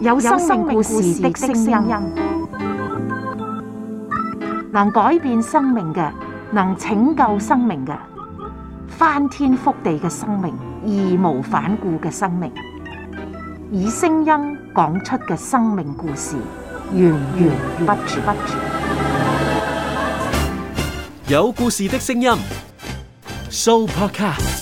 有生命故事的聲音，能改變生命嘅，能拯救生命嘅，翻天覆地嘅生命，義無反顧嘅生命，以聲音講出嘅生命故事，源源不絕。有故事的聲音，Soul Podcast。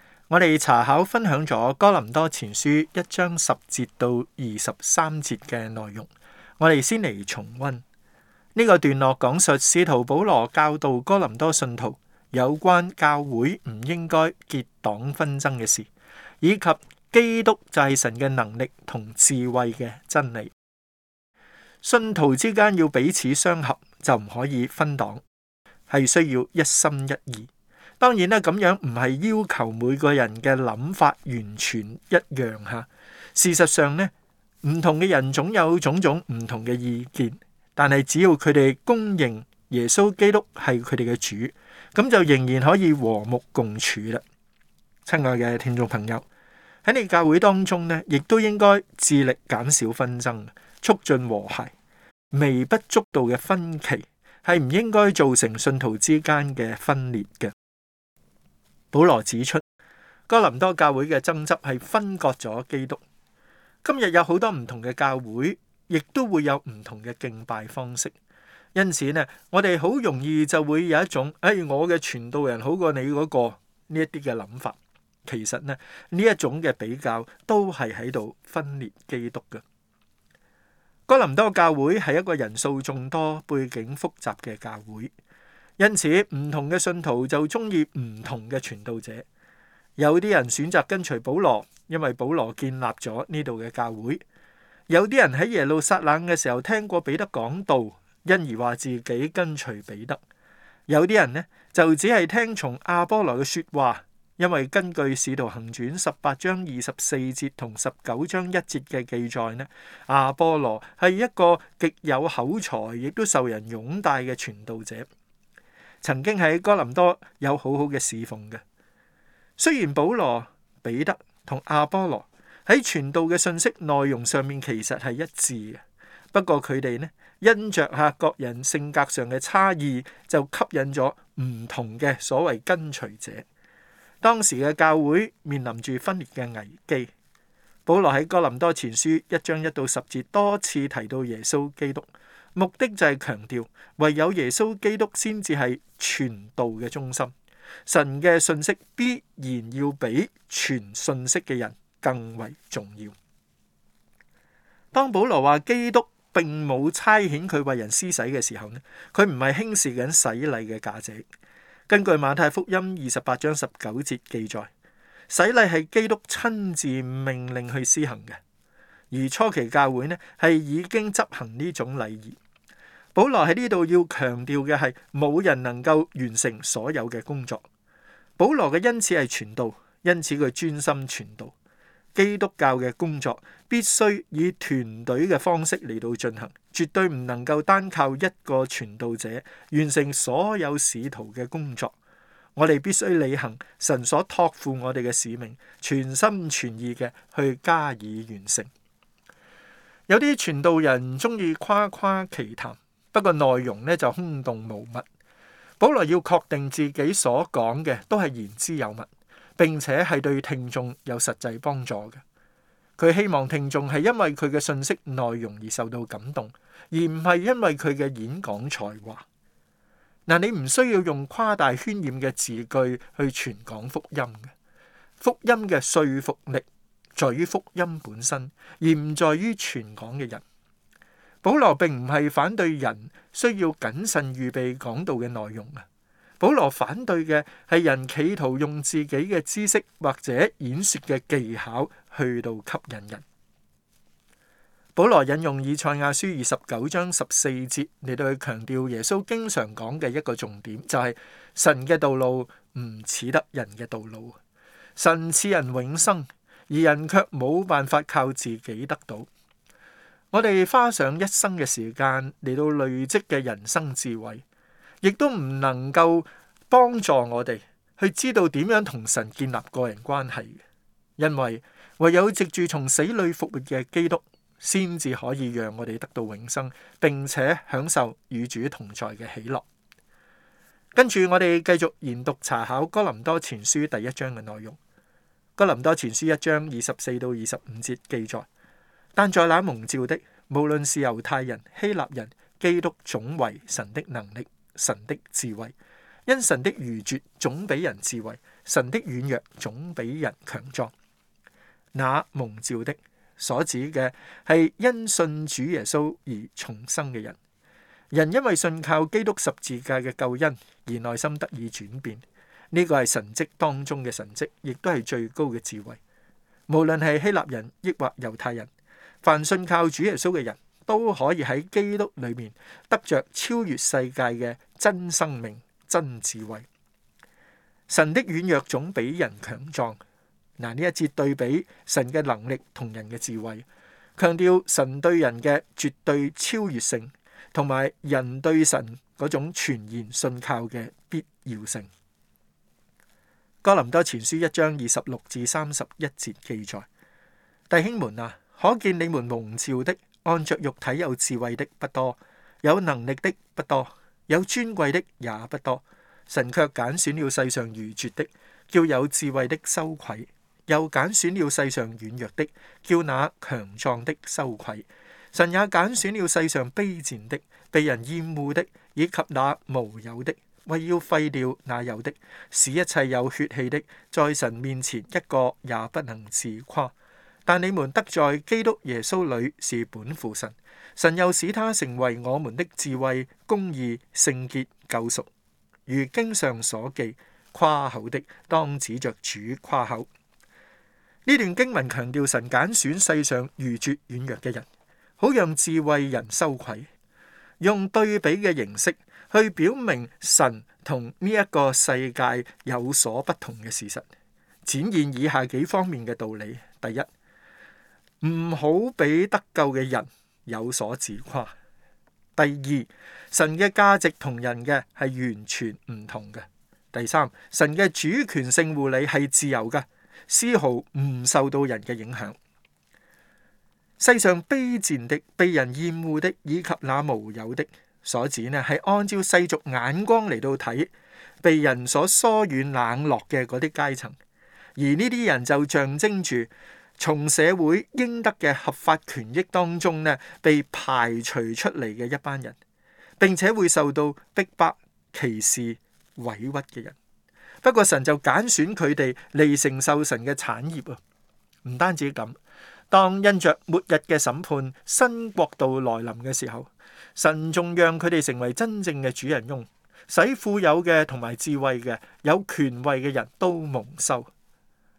我哋查考分享咗哥林多前書一章十節到二十三節嘅內容，我哋先嚟重溫呢、這個段落，講述使徒保羅教導哥林多信徒有關教會唔應該結黨紛爭嘅事，以及基督就係神嘅能力同智慧嘅真理。信徒之間要彼此相合，就唔可以分黨，係需要一心一意。當然啦，咁樣唔係要求每個人嘅諗法完全一樣吓。事實上呢，唔同嘅人總有種種唔同嘅意見，但係只要佢哋公認耶穌基督係佢哋嘅主，咁就仍然可以和睦共處啦。親愛嘅聽眾朋友，喺你教會當中呢，亦都應該致力減少紛爭，促進和諧。微不足道嘅分歧係唔應該造成信徒之間嘅分裂嘅。保羅指出，哥林多教會嘅爭執係分割咗基督。今日有好多唔同嘅教會，亦都會有唔同嘅敬拜方式，因此呢，我哋好容易就會有一種，誒、哎，我嘅傳道人好過你嗰、那個呢一啲嘅諗法。其實呢，呢一種嘅比較都係喺度分裂基督嘅。哥林多教會係一個人數眾多、背景複雜嘅教會。因此，唔同嘅信徒就中意唔同嘅傳道者。有啲人選擇跟隨保羅，因為保羅建立咗呢度嘅教會；有啲人喺耶路撒冷嘅時候聽過彼得講道，因而話自己跟隨彼得。有啲人呢就只係聽從亞波羅嘅說話，因為根據《使徒行傳》十八章二十四節同十九章一節嘅記載呢，亞波羅係一個極有口才，亦都受人擁戴嘅傳道者。曾經喺哥林多有好好嘅侍奉嘅。雖然保羅、彼得同阿波羅喺傳道嘅信息內容上面其實係一致嘅，不過佢哋呢因着下各人性格上嘅差異，就吸引咗唔同嘅所謂跟隨者。當時嘅教會面臨住分裂嘅危機。保羅喺哥林多前書一章一到十節多次提到耶穌基督。目的就係強調，唯有耶穌基督先至係傳道嘅中心。神嘅信息必然要比傳信息嘅人更為重要。當保羅話基督並冇差遣佢為人施洗嘅時候呢，佢唔係輕視緊洗禮嘅價值。根據馬太福音二十八章十九節記載，洗禮係基督親自命令去施行嘅。而初期教會咧係已經執行呢種禮儀。保羅喺呢度要強調嘅係冇人能夠完成所有嘅工作。保羅嘅恩賜係傳道，因此佢專心傳道。基督教嘅工作必須以團隊嘅方式嚟到進行，絕對唔能夠單靠一個傳道者完成所有使徒嘅工作。我哋必須履行神所託付我哋嘅使命，全心全意嘅去加以完成。有啲傳道人中意誇誇其談，不過內容呢就空洞無物。保羅要確定自己所講嘅都係言之有物，並且係對聽眾有實際幫助嘅。佢希望聽眾係因為佢嘅信息內容而受到感動，而唔係因為佢嘅演講才華。嗱，你唔需要用誇大渲染嘅字句去傳講福音嘅。福音嘅說服力，在於福音本身，而唔在於傳講嘅人。保羅並唔係反對人需要謹慎預備講道嘅內容啊。保羅反對嘅係人企圖用自己嘅知識或者演說嘅技巧去到吸引人。保羅引用以賽亞書二十九章十四節嚟到去強調耶穌經常講嘅一個重點，就係神嘅道路唔似得人嘅道路。神賜人永生。而人卻冇辦法靠自己得到。我哋花上一生嘅時間嚟到累積嘅人生智慧，亦都唔能夠幫助我哋去知道點樣同神建立個人關係。因為唯有藉住從死裏復活嘅基督，先至可以讓我哋得到永生，並且享受與主同在嘅喜樂。跟住我哋繼續研讀查考哥林多前書第一章嘅內容。哥林多前書一章二十四到二十五節記載，但在那蒙召的，無論是猶太人、希臘人、基督，總為神的能力、神的智慧，因神的愚拙總比人智慧，神的軟弱總比人強壯。那蒙召的所指嘅係因信主耶穌而重生嘅人，人因為信靠基督十字架嘅救恩而內心得以轉變。呢個係神蹟當中嘅神蹟，亦都係最高嘅智慧。無論係希臘人亦或猶太人，凡信靠主耶穌嘅人，都可以喺基督裏面得着超越世界嘅真生命、真智慧。神的軟弱總比人強壯。嗱，呢一節對比神嘅能力同人嘅智慧，強調神對人嘅絕對超越性，同埋人對神嗰種全然信靠嘅必要性。哥林多前書一章二十六至三十一節記載：弟兄們啊，可見你們蒙召的，按着肉體有智慧的不多，有能力的不多，有尊貴的也不多。神卻揀選了世上愚拙的，叫有智慧的羞愧；又揀選了世上軟弱的，叫那強壯的羞愧。神也揀選了世上卑賤的、被人厭惡的，以及那無有的。為要廢掉那有的，使一切有血氣的，在神面前一個也不能自誇。但你們得在基督耶穌裏是本乎神，神又使他成為我們的智慧、公義、聖潔、救贖。如經上所記：誇口的當指着主誇口。呢段經文強調神揀選世上愚拙軟弱嘅人，好讓智慧人羞愧。用對比嘅形式。去表明神同呢一個世界有所不同嘅事實，展現以下幾方面嘅道理：第一，唔好俾得救嘅人有所自誇；第二，神嘅價值同人嘅係完全唔同嘅；第三，神嘅主權性護理係自由嘅，絲毫唔受到人嘅影響。世上卑賤的、被人厭惡的，以及那無有的。所指呢，係按照世俗眼光嚟到睇，被人所疏遠冷落嘅嗰啲階層，而呢啲人就象徵住從社會應得嘅合法權益當中呢，被排除出嚟嘅一班人，並且會受到逼迫、歧視、委屈嘅人。不過神就揀選佢哋嚟承受神嘅產業啊！唔單止咁，當因着末日嘅審判，新國度來臨嘅時候。神仲讓佢哋成為真正嘅主人翁，使富有嘅同埋智慧嘅、有權威嘅人都蒙羞。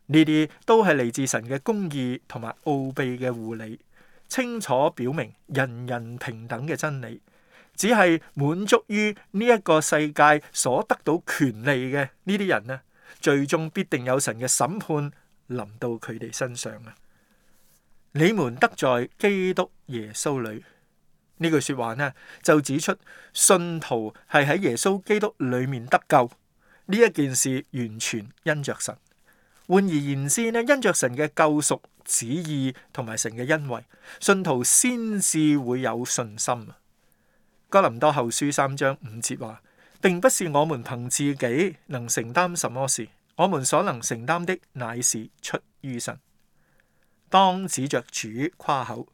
呢啲，都係嚟自神嘅公義同埋奧秘嘅護理，清楚表明人人平等嘅真理。只係滿足於呢一個世界所得到權利嘅呢啲人呢，最終必定有神嘅審判臨到佢哋身上啊！你們得在基督耶穌裏。呢句說話呢，就指出信徒係喺耶穌基督裏面得救呢一件事，完全因着神。換而言之呢，因着神嘅救贖旨意同埋神嘅恩惠，信徒先至會有信心。哥林多後書三章五節話，並不是我們憑自己能承擔什麼事，我們所能承擔的乃是出於神。當指着主誇口。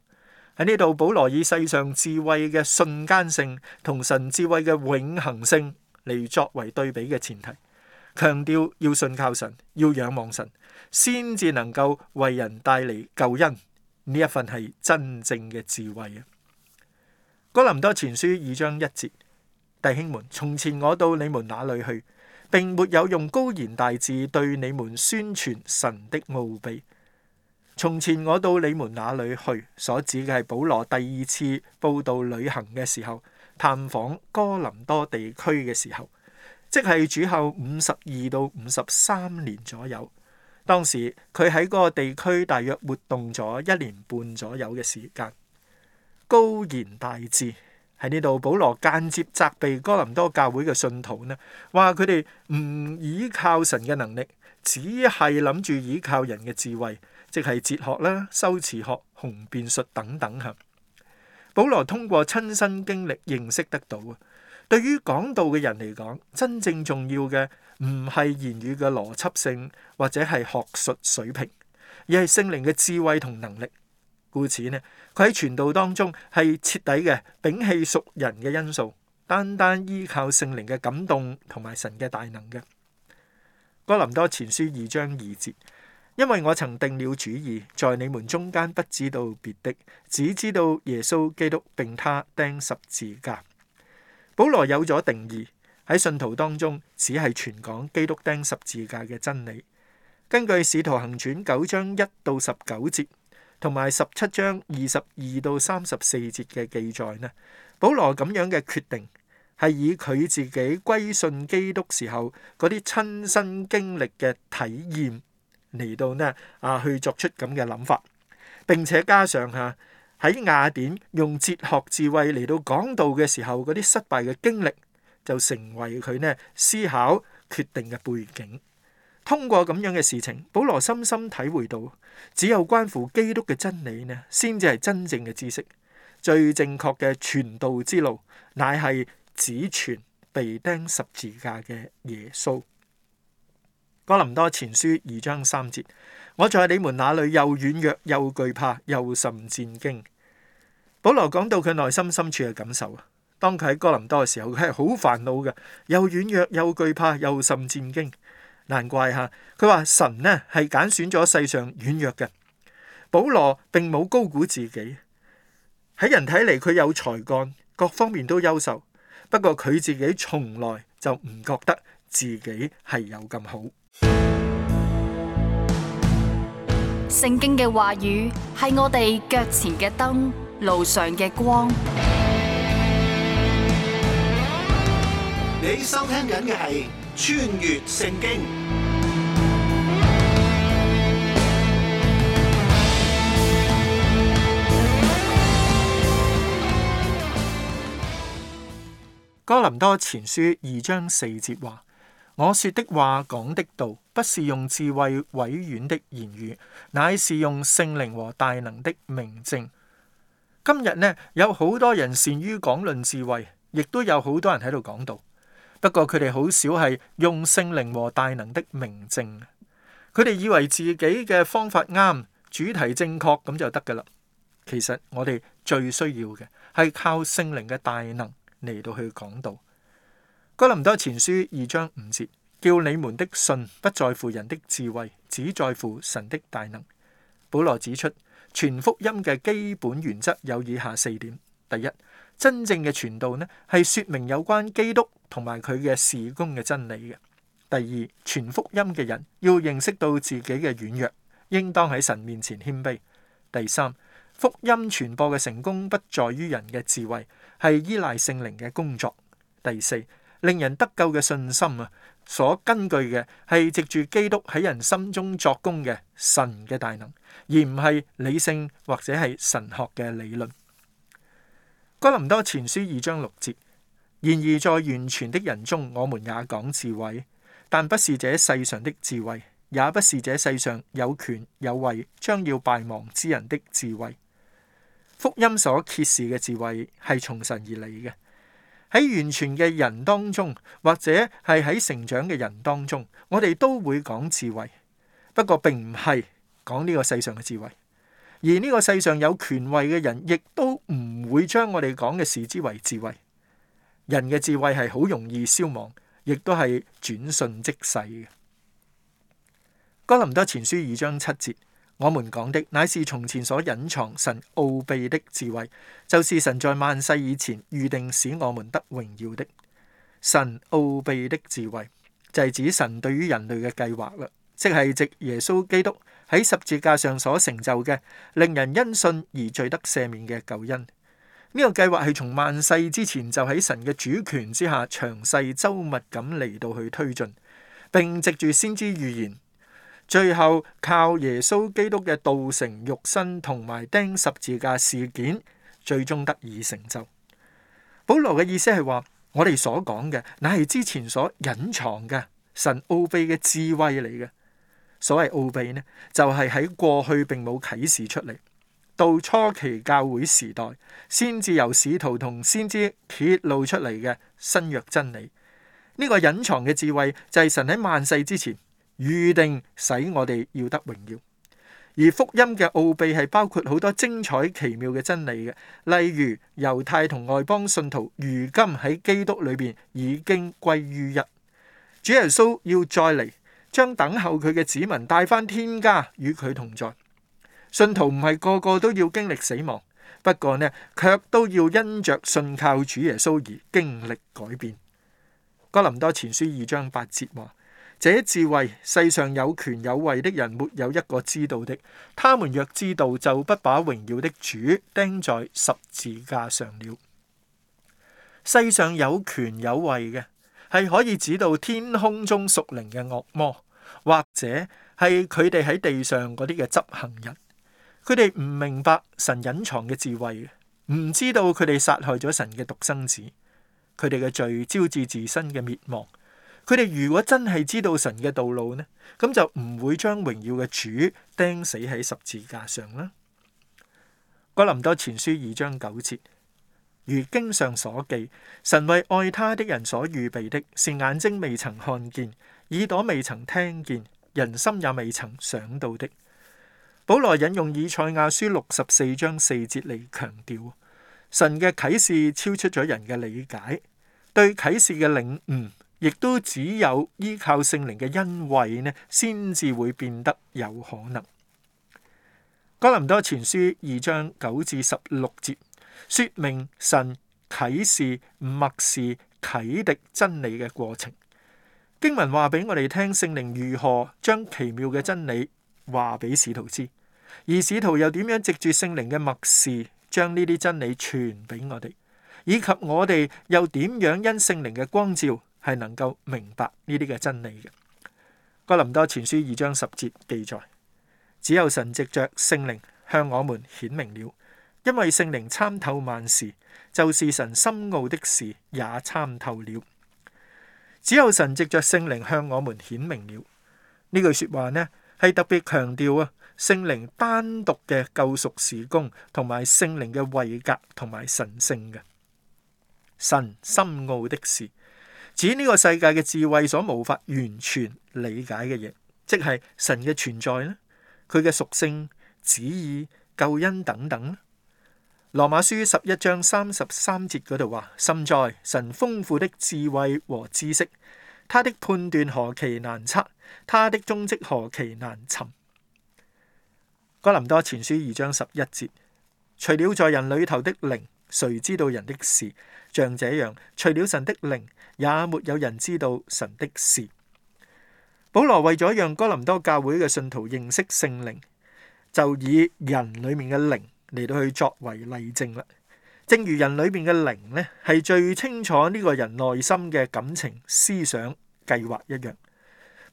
喺呢度，保羅以世上智慧嘅瞬間性同神智慧嘅永恒性嚟，作為對比嘅前提，強調要信靠神、要仰望神，先至能夠為人帶嚟救恩，呢一份係真正嘅智慧啊！哥林多前書二章一節，弟兄們，從前我到你們那裏去，並沒有用高言大智對你們宣傳神的奧秘。從前我到你們那裏去，所指嘅係保羅第二次佈道旅行嘅時候，探訪哥林多地區嘅時候，即係主後五十二到五十三年左右。當時佢喺嗰個地區，大約活動咗一年半左右嘅時間。高言大智，喺呢度，保羅間接責備哥林多教會嘅信徒呢，話佢哋唔依靠神嘅能力，只係諗住依靠人嘅智慧。即係哲學啦、修辭學、雄辯術等等嚇。保羅通過親身經歷認識得到啊，對於講道嘅人嚟講，真正重要嘅唔係言語嘅邏輯性或者係學術水平，而係聖靈嘅智慧同能力。故此呢，佢喺傳道當中係徹底嘅摒棄屬人嘅因素，單單依靠聖靈嘅感動同埋神嘅大能嘅。哥林多前書二章二節。因為我曾定了主意，在你們中間不知道別的，只知道耶穌基督並他釘十字架。保羅有咗定義，喺信徒當中，只係傳講基督釘十字架嘅真理。根據《使徒行傳》九章一到十九節，同埋十七章二十二到三十四節嘅記載呢，保羅咁樣嘅決定係以佢自己歸信基督時候嗰啲親身經歷嘅體驗。嚟到呢啊去作出咁嘅諗法，並且加上啊喺雅典用哲學智慧嚟到講道嘅時候嗰啲失敗嘅經歷，就成為佢呢思考決定嘅背景。通過咁樣嘅事情，保羅深深體會到，只有關乎基督嘅真理呢，先至係真正嘅知識，最正確嘅傳道之路，乃係只傳被釘十字架嘅耶穌。哥林多前書二章三節，我在你們那裏又軟弱又懼怕又甚戰驚。保羅講到佢內心深處嘅感受啊，當佢喺哥林多嘅時候，佢係好煩惱㗎，又軟弱又懼怕又甚戰驚。難怪吓，佢話神呢係揀選咗世上軟弱嘅。保羅並冇高估自己，喺人睇嚟，佢有才幹，各方面都優秀。不過佢自己從來就唔覺得。自己係有咁好。聖經嘅話語，係我哋腳前嘅燈，路上嘅光。你收聽緊嘅係《穿越聖經》。哥林多前書二章四節話。我說的話講的道，不是用智慧委婉的言語，乃是用聖靈和大能的明證。今日呢，有好多人善於講論智慧，亦都有好多人喺度講道，不過佢哋好少係用聖靈和大能的明證。佢哋以為自己嘅方法啱，主題正確咁就得噶啦。其實我哋最需要嘅係靠聖靈嘅大能嚟到去講道。哥林多前書二章五節叫你們的信不在乎人的智慧，只在乎神的大能。保羅指出，傳福音嘅基本原則有以下四點：第一，真正嘅傳道呢係說明有關基督同埋佢嘅事工嘅真理嘅；第二，傳福音嘅人要認識到自己嘅軟弱，應當喺神面前謙卑；第三，福音傳播嘅成功不在於人嘅智慧，係依賴聖靈嘅工作；第四。令人得救嘅信心啊，所根據嘅係藉住基督喺人心中作功嘅神嘅大能，而唔係理性或者係神學嘅理論。哥林多前書二章六節。然而在完全的人中，我們也講智慧，但不是這世上的智慧，也不是這世上有權有位、將要敗亡之人的智慧。福音所揭示嘅智慧，係從神而嚟嘅。喺完全嘅人當中，或者係喺成長嘅人當中，我哋都會講智慧，不過並唔係講呢個世上嘅智慧。而呢個世上有權威嘅人，亦都唔會將我哋講嘅視之為智慧。人嘅智慧係好容易消亡，亦都係轉瞬即逝嘅。《哥林多前書》二章七節。我們講的乃是從前所隱藏神奧秘的智慧，就是神在萬世以前預定使我們得榮耀的神奧秘的智慧，就係、是、指神對於人類嘅計劃啦，即係藉耶穌基督喺十字架上所成就嘅，令人因信而罪得赦免嘅救恩。呢、這個計劃係從萬世之前就喺神嘅主權之下，詳細周密咁嚟到去推進，並藉住先知預言。最後靠耶穌基督嘅道成肉身同埋釘十字架事件，最終得以成就。保羅嘅意思係話，我哋所講嘅乃係之前所隱藏嘅神奧秘嘅智慧嚟嘅。所謂奧秘呢，就係、是、喺過去並冇啟示出嚟，到初期教會時代先至由使徒同先知揭露出嚟嘅新約真理。呢、這個隱藏嘅智慧就係神喺萬世之前。預定使我哋要得榮耀，而福音嘅奧秘係包括好多精彩奇妙嘅真理嘅，例如猶太同外邦信徒如今喺基督裏邊已經歸於一，主耶穌要再嚟，將等候佢嘅子民帶翻天家與佢同在。信徒唔係個個都要經歷死亡，不過呢，卻都要因着信靠主耶穌而經歷改變。哥林多前書二章八節話。這智慧，世上有權有位的人沒有一個知道的。他們若知道，就不把榮耀的主釘在十字架上了。世上有權有位嘅，係可以指到天空中屬靈嘅惡魔，或者係佢哋喺地上嗰啲嘅執行人。佢哋唔明白神隱藏嘅智慧，唔知道佢哋殺害咗神嘅獨生子，佢哋嘅罪招致自身嘅滅亡。佢哋如果真係知道神嘅道路呢，咁就唔會將榮耀嘅主釘死喺十字架上啦。哥林多前書二章九節，如經上所記，神為愛他的人所預備的，是眼睛未曾看見，耳朵未曾聽見，人心也未曾想到的。保羅引用以賽亞書六十四章四節嚟強調，神嘅啟示超出咗人嘅理解，對啟示嘅領悟。亦都只有依靠聖靈嘅恩惠呢，先至會變得有可能。《哥林多前書》二章九至十六節，說明神啟示、默示、啟迪真理嘅過程。經文話俾我哋聽，聖靈如何將奇妙嘅真理話俾使徒知，而使徒又點樣藉住聖靈嘅默示，將呢啲真理傳俾我哋，以及我哋又點樣因聖靈嘅光照，係能夠明白呢啲嘅真理嘅。《哥林多前書》二章十節記載：，只有神藉着聖靈向我們顯明了，因為聖靈參透萬事，就是神深奧的事也參透了。只有神藉着聖靈向我們顯明了呢句說話呢，係特別強調啊聖靈單獨嘅救贖事工，同埋聖靈嘅位格同埋神聖嘅神深奧的事。指呢個世界嘅智慧所無法完全理解嘅嘢，即係神嘅存在咧，佢嘅屬性、旨意、救恩等等。羅馬書十一章三十三節嗰度話：，深哉，神豐富的智慧和知識，他的判斷何其難測，他的蹤跡何其難尋。哥林多前書二章十一節，除了在人裏頭的靈。誰知道人的事？像這樣，除了神的靈，也沒有人知道神的事。保羅為咗讓哥林多教會嘅信徒認識聖靈，就以人裏面嘅靈嚟到去作為例證啦。正如人裏面嘅靈呢，係最清楚呢個人內心嘅感情、思想、計劃一樣。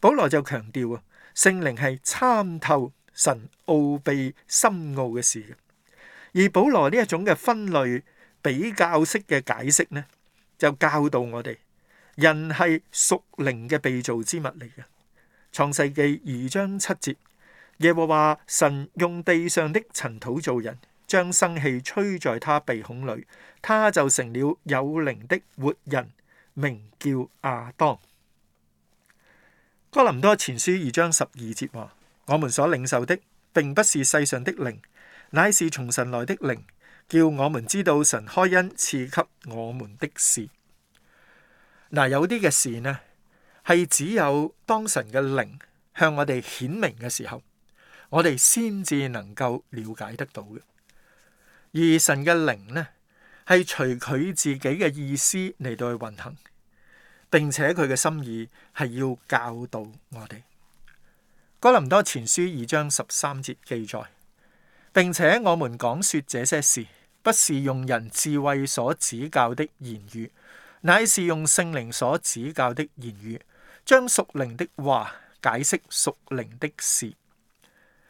保羅就強調啊，聖靈係參透神奧秘深奧嘅事。而保羅呢一種嘅分類比較式嘅解釋呢，就教導我哋人係屬靈嘅被造之物嚟嘅。創世記二章七節，耶和華神用地上的塵土造人，將生氣吹在他鼻孔裏，他就成了有靈的活人，名叫亞當。哥林多前書二章十二節話，我們所領受的並不是世上的靈。乃是從神來的靈，叫我們知道神開恩賜給我們的事。嗱、呃，有啲嘅事呢，係只有當神嘅靈向我哋顯明嘅時候，我哋先至能夠了解得到嘅。而神嘅靈呢，係隨佢自己嘅意思嚟到去運行，並且佢嘅心意係要教導我哋。哥林多前書二章十三節記載。並且我們講說這些事，不是用人智慧所指教的言語，乃是用聖靈所指教的言語，將屬靈的話解釋屬靈的事。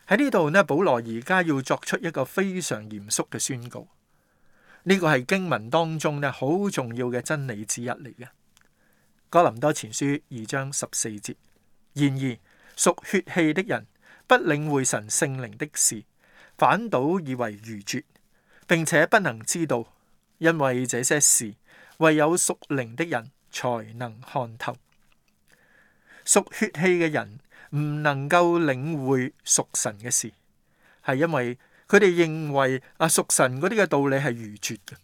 喺呢度呢，保羅而家要作出一個非常嚴肅嘅宣告。呢、這個係經文當中呢，好重要嘅真理之一嚟嘅。哥林多前書二章十四節。然而屬血氣的人不領會神聖靈的事。反倒以為愚拙，並且不能知道，因為這些事唯有屬靈的人才能看透。屬血氣嘅人唔能夠領會屬神嘅事，係因為佢哋認為啊，屬神嗰啲嘅道理係愚拙嘅。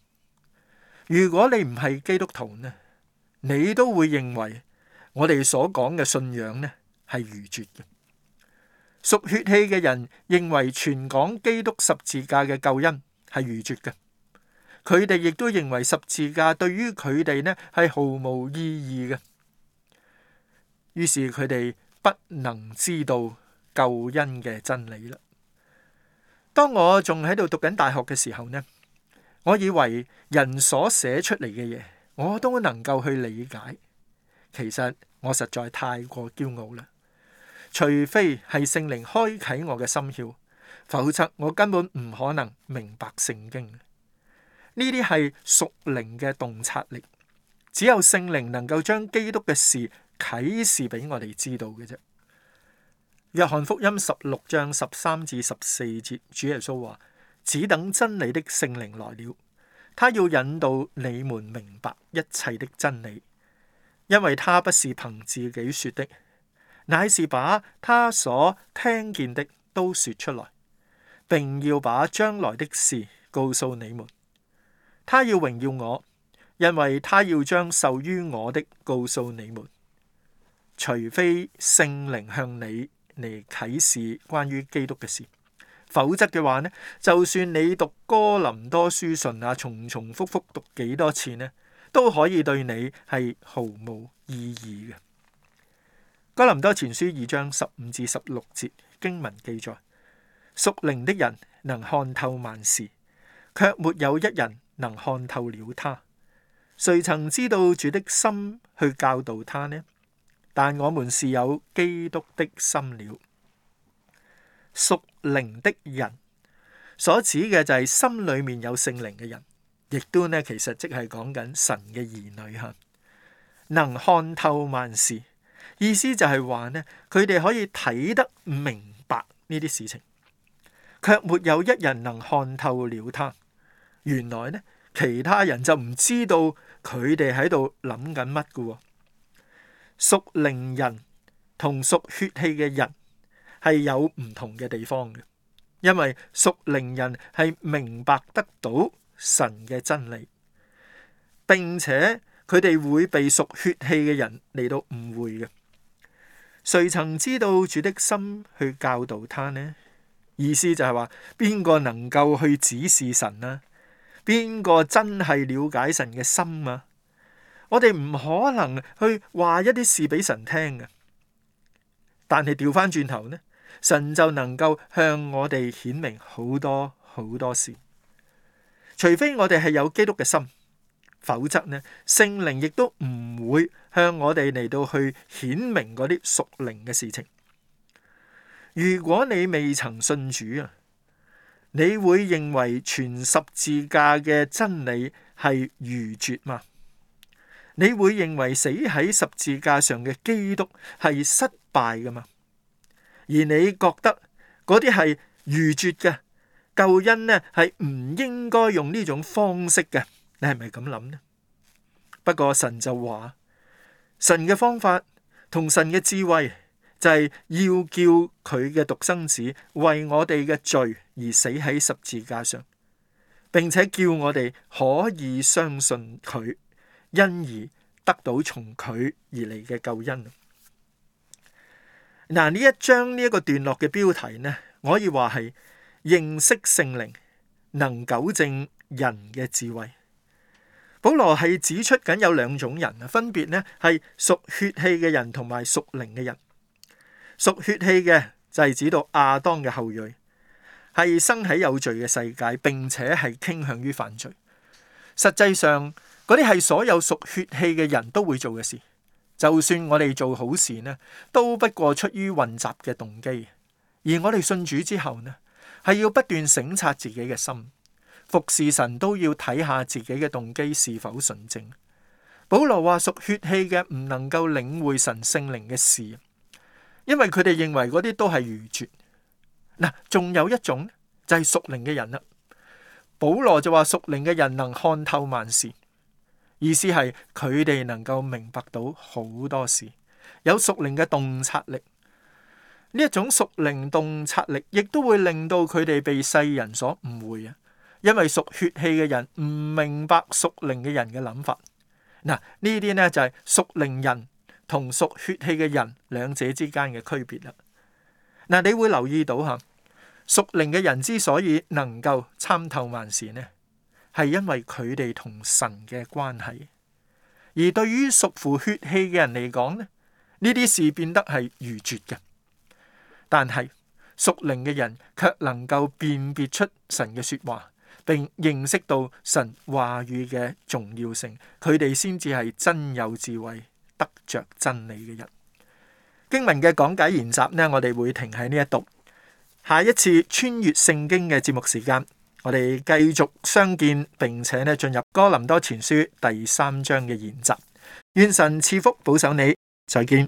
如果你唔係基督徒呢，你都會認為我哋所講嘅信仰呢係愚拙嘅。屬血氣嘅人認為全港基督十字架嘅救恩係愚拙嘅，佢哋亦都認為十字架對於佢哋呢係毫無意義嘅，於是佢哋不能知道救恩嘅真理啦。當我仲喺度讀緊大學嘅時候呢，我以為人所寫出嚟嘅嘢我都能夠去理解，其實我實在太過驕傲啦。除非係聖靈開啟我嘅心竅，否則我根本唔可能明白聖經。呢啲係屬靈嘅洞察力，只有聖靈能夠將基督嘅事啟示俾我哋知道嘅啫。約翰福音十六章十三至十四節，主耶穌話：只等真理的聖靈來了，他要引導你們明白一切的真理，因為他不是憑自己說的。乃是把他所聽見的都說出來，並要把將來的事告訴你們。他要榮耀我，因為他要將受於我的告訴你們。除非聖靈向你嚟啟示關於基督嘅事，否則嘅話呢，就算你讀哥林多書信啊，重重複複讀幾多次呢，都可以對你係毫無意義嘅。《哥林多前書》二章十五至十六節經文記載：屬靈的人能看透萬事，卻沒有一人能看透了他。誰曾知道主的心去教導他呢？但我們是有基督的心了。屬靈的人所指嘅就係心裏面有聖靈嘅人，亦都呢其實即係講緊神嘅兒女吓，能看透萬事。意思就係話呢佢哋可以睇得明白呢啲事情，卻沒有一人能看透了他。原來呢其他人就唔知道佢哋喺度諗緊乜嘅喎。屬靈人同屬血氣嘅人係有唔同嘅地方嘅，因為屬靈人係明白得到神嘅真理，並且佢哋會被屬血氣嘅人嚟到誤會嘅。誰曾知道主的心去教導他呢？意思就係話，邊個能夠去指示神呢啊？邊個真係了解神嘅心啊？我哋唔可能去話一啲事俾神聽噶。但係調翻轉頭呢，神就能夠向我哋顯明好多好多事，除非我哋係有基督嘅心。否則呢，聖靈亦都唔會向我哋嚟到去顯明嗰啲屬靈嘅事情。如果你未曾信主啊，你會認為全十字架嘅真理係愚拙嘛？你會認為死喺十字架上嘅基督係失敗㗎嘛？而你覺得嗰啲係愚拙嘅救恩呢，係唔應該用呢種方式嘅。你係咪咁諗呢？不過神就話神嘅方法同神嘅智慧就係要叫佢嘅獨生子為我哋嘅罪而死喺十字架上，並且叫我哋可以相信佢，因而得到從佢而嚟嘅救恩。嗱，呢一章呢一個段落嘅標題呢，可以話係認識聖靈能糾正人嘅智慧。保羅係指出緊有兩種人啊，分別咧係屬血氣嘅人同埋屬靈嘅人。屬血氣嘅就係指到亞當嘅後裔，係生喺有罪嘅世界，並且係傾向於犯罪。實際上，嗰啲係所有屬血氣嘅人都會做嘅事。就算我哋做好事咧，都不過出於混雜嘅動機。而我哋信主之後呢係要不斷省察自己嘅心。服侍神都要睇下自己嘅動機是否純正。保羅話屬血氣嘅唔能夠領會神聖靈嘅事，因為佢哋認為嗰啲都係愚拙。仲有一種就係、是、屬靈嘅人啦。保羅就話屬靈嘅人能看透萬事，意思係佢哋能夠明白到好多事，有屬靈嘅洞察力。呢一種屬靈洞察力亦都會令到佢哋被世人所誤會啊！因為屬血氣嘅人唔明白屬靈嘅人嘅諗法，嗱呢啲呢就係屬靈人同屬血氣嘅人兩者之間嘅區別啦。嗱，你會留意到吓，屬靈嘅人之所以能夠參透萬事，呢係因為佢哋同神嘅關係；而對於屬乎血氣嘅人嚟講咧，呢啲事變得係愚絕嘅。但係屬靈嘅人卻能夠辨別出神嘅說話。並認識到神話語嘅重要性，佢哋先至係真有智慧、得着真理嘅人。經文嘅講解研習呢，我哋會停喺呢一度。下一次穿越聖經嘅節目時間，我哋繼續相見，並且呢進入哥林多前書第三章嘅研習。願神賜福保守你，再見。